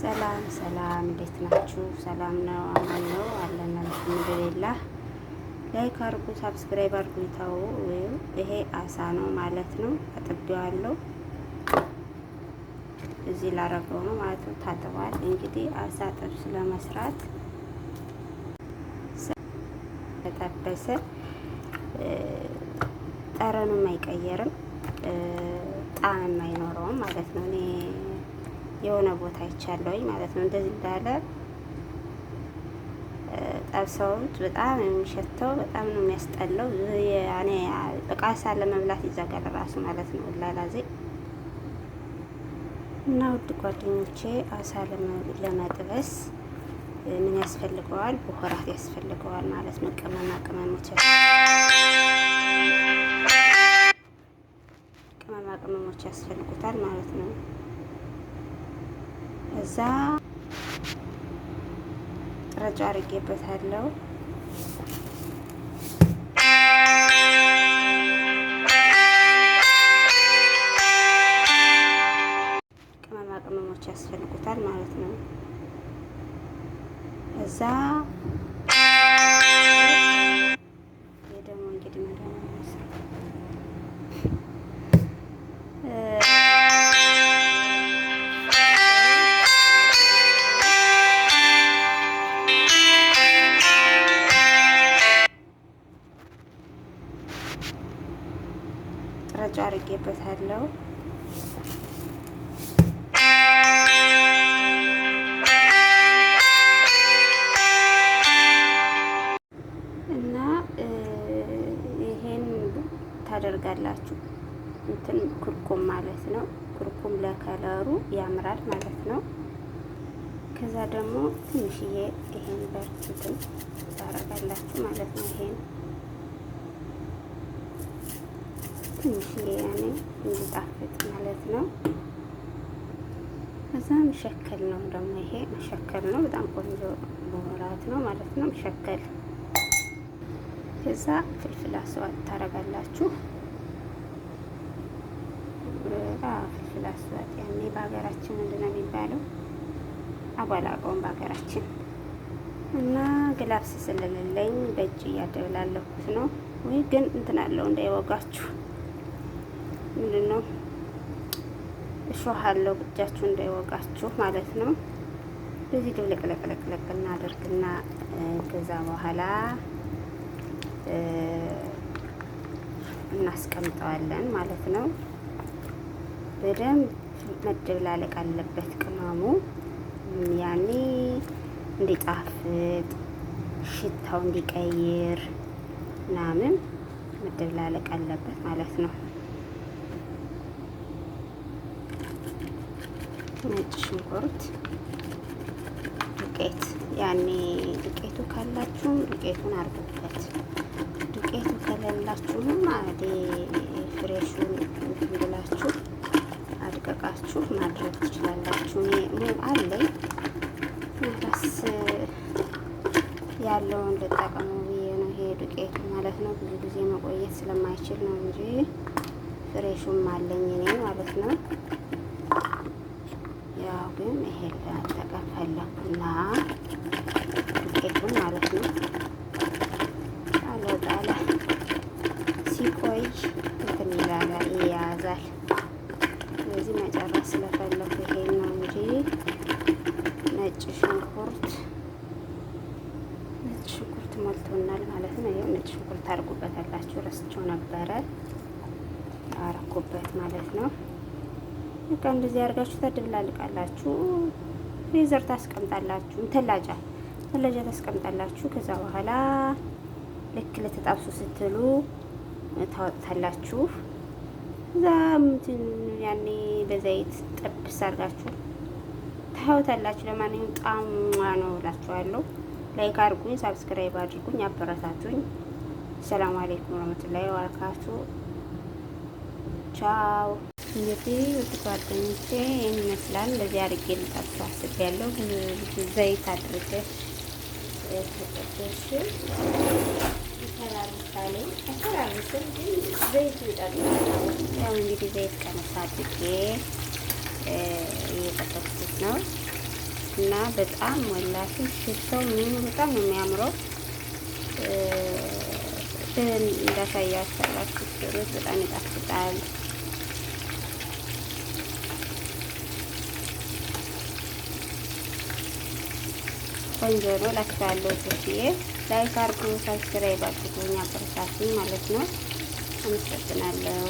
ሰላም ሰላም፣ እንዴት ናችሁ? ሰላም ነው፣ አማን ነው አለን። አልሐምዱሊላህ። ላይክ አርጉ፣ ሳብስክራይብ አርጉ። ይታው ይሄ አሳ ነው ማለት ነው። አጥቤዋለሁ፣ እዚህ ላረገው ነው ማለት ነው። ታጥቧል። እንግዲህ አሳ ጥብስ ለመስራት ተጠበሰ፣ ጠረኑም አይቀየርም፣ ጣዕም አይኖረውም ማለት ነው። እኔ የሆነ ቦታ ይቻለኝ ማለት ነው። እንደዚህ እንዳለ ጠብሰውት በጣም የሚሸተው በጣም ነው የሚያስጠላው። ያኔ እቃሳ ለመብላት ይዘጋል ራሱ ማለት ነው። ላላዜ እና ውድ ጓደኞቼ አሳ ለመጥበስ ምን ያስፈልገዋል? ቡሆራት ያስፈልገዋል ማለት ነው። ቅመማ ቅመሞች ቅመማ ቅመሞች ያስፈልጉታል ማለት ነው። ከዛ ረጫ አድርጌበታለሁ። ቅመማ ቅመሞች ያስፈልጉታል ማለት ነው እዛ ቁጭ አድርጌበታለሁ። እና ይሄን ታደርጋላችሁ እንትን ኩርኩም ማለት ነው። ኩርኩም ለከለሩ ያምራል ማለት ነው። ከዛ ደግሞ ትንሽዬ ይሄን በርቱትን ታደርጋላችሁ ማለት ነው። ይሄን ትንሽዬ ያኔ እንዲጣፍጥ ማለት ነው። ከዛ መሸከል ነው ደግሞ ይሄ መሸከል ነው። በጣም ቆንጆ መወራት ነው ማለት ነው መሸከል። ከዛ ፍልፍል አስዋድ ታደርጋላችሁ ፍልፍል አስዋድ ያኔ በሀገራችን ምንድን ነው የሚባለው? አባላቀውን በሀገራችን እና ግላብስ ስለሌለኝ በእጅ እያደብላለኩት ነው። ወይ ግን እንትን አለው እንዳይወጋችሁ ምንድን ነው እሾህ አለው ብቻችሁ እንዳይወቃችሁ ማለት ነው። በዚህ ድብልቅልቅልቅልቅ እናደርግና ከዛ በኋላ እናስቀምጠዋለን ማለት ነው። በደንብ መደብላለቅ አለበት ቅመሙ ያኔ እንዲጣፍጥ ሽታው እንዲቀይር ምናምን መደብላለቅ አለበት ማለት ነው። ነጭ ሽንኩርት ዱቄት ያኔ ዱቄቱ ካላችሁም ዱቄቱን አርጉበት። ዱቄቱ ከሌላችሁም አዴ ፍሬሹን ብላችሁ አድቀቃችሁ ማድረግ ትችላላችሁ። ሙብ አለኝ ራስ ያለውን ልጠቀሙ ብዬ ነው ይሄ ዱቄቱ ማለት ነው። ብዙ ጊዜ መቆየት ስለማይችል ነው እንጂ ፍሬሹም አለኝ እኔ ማለት ነው። ግን ይሄን ተቀፈለኩና ዱቄቱን ማለት ነው ጣለ ጣለ ሲቆይ እንትን ይላል ይያዛል። ስለዚህ መጨረስ ስለፈለኩ ይሄ ነው እንጂ ነጭ ሽንኩርት ነጭ ሽንኩርት ሞልቶናል ማለት ነው። ይኸው ነጭ ሽንኩርት አድርጉበት ረስቸው ነበረ አረኩበት ማለት ነው። በቃ እንደዚህ አድርጋችሁ ታደብላልቃላችሁ። ፍሪዘር ታስቀምጣላችሁ። ተላጃ ተላጃ ታስቀምጣላችሁ። ከዛ በኋላ ልክ ለተጣብሱ ስትሉ ታወጣላችሁ። እዛ እንትን ያኔ በዘይት ጠብስ አድርጋችሁ ታወጣላችሁ። ለማንኛውም ጣም ነው እላችኋለሁ። ላይክ አድርጉኝ፣ ሳብስክራይብ አድርጉኝ፣ አበረታቱኝ። ሰላም አለይኩም ወረመቱላሂ ወበረካቱ። ቻው እንግዲህ ውድ ጓደኞቼ ይህን ይመስላል። እንደዚህ አድርጌ ልጠብሱ አስቤ ዘይት አድርገሽ ተጠበሽ ተራርሳሌ ተራርስም ግን ዘይቱ ይጠቅማል። ያው እንግዲህ ዘይት ቀነሳ አድርጌ እየጠበስኩት ነው እና በጣም ወላፊ ሽታው ምኑ በጣም ነው የሚያምረው። እንዳሳያ አሰራችሁ በጣም ይጣፍጣል። ቆንጆ ነው ላችኋለሁ። ቶችዬ ላይክ አድርጉ፣ ሳብስክራይብ አድርጉኝ፣ ማለት ነው። አመሰግናለሁ።